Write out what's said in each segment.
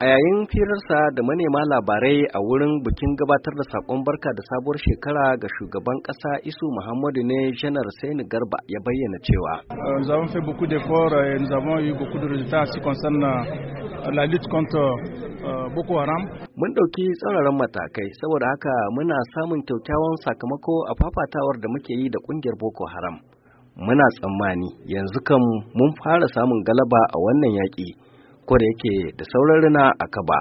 A yayin firarsa da manema labarai a wurin bikin gabatar da sakon barka da sabuwar shekara ga shugaban ƙasa Isu Muhammadu ne Janar Sani Garba ya bayyana cewa. Euh, nous avons fait beaucoup d'efforts et nous avons eu beaucoup de résultats concerne euh, la lutte euh, Boko Haram. Mun ɗauki tsauraran matakai saboda haka muna samun kyaukyawan sakamako a fafatawar da muke yi da ƙungiyar Boko Haram. Muna tsammani yanzu kan mun fara samun galaba a wannan yaƙi. koda yake da sauran rina a kaba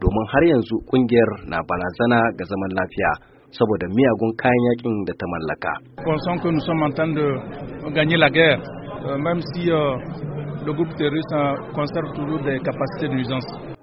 domin har yanzu kungiyar na barazana ga zaman lafiya saboda miyagun kayan yakin da ta mallaka.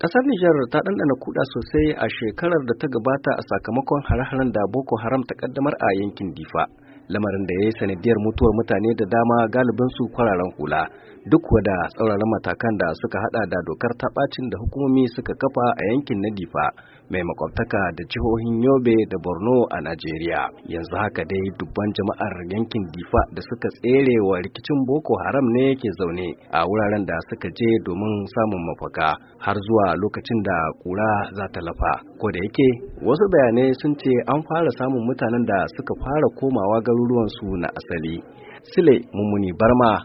Kasar Nijar ta ɗanɗana kuɗa sosai a shekarar da ta gabata a sakamakon hare-haren da Boko Haram ta ƙaddamar a yankin Difa, lamarin da ya yi sanadiyar mutuwar mutane da dama galibinsu kwararen hula. duk wada tsauraran matakan da suka hada da dokar taɓacin da hukumomi suka kafa a yankin na difa mai makwabtaka da jihohin yobe da borno a najeriya yanzu haka dai dubban jama'ar yankin difa da suka tsere wa rikicin boko haram ne ke zaune a wuraren da suka je domin samun mafaka har zuwa lokacin da kura za ta lafa ko da yake wasu bayanai sun ce an fara samun mutanen da suka fara komawa garuruwansu na asali sile mummuni barma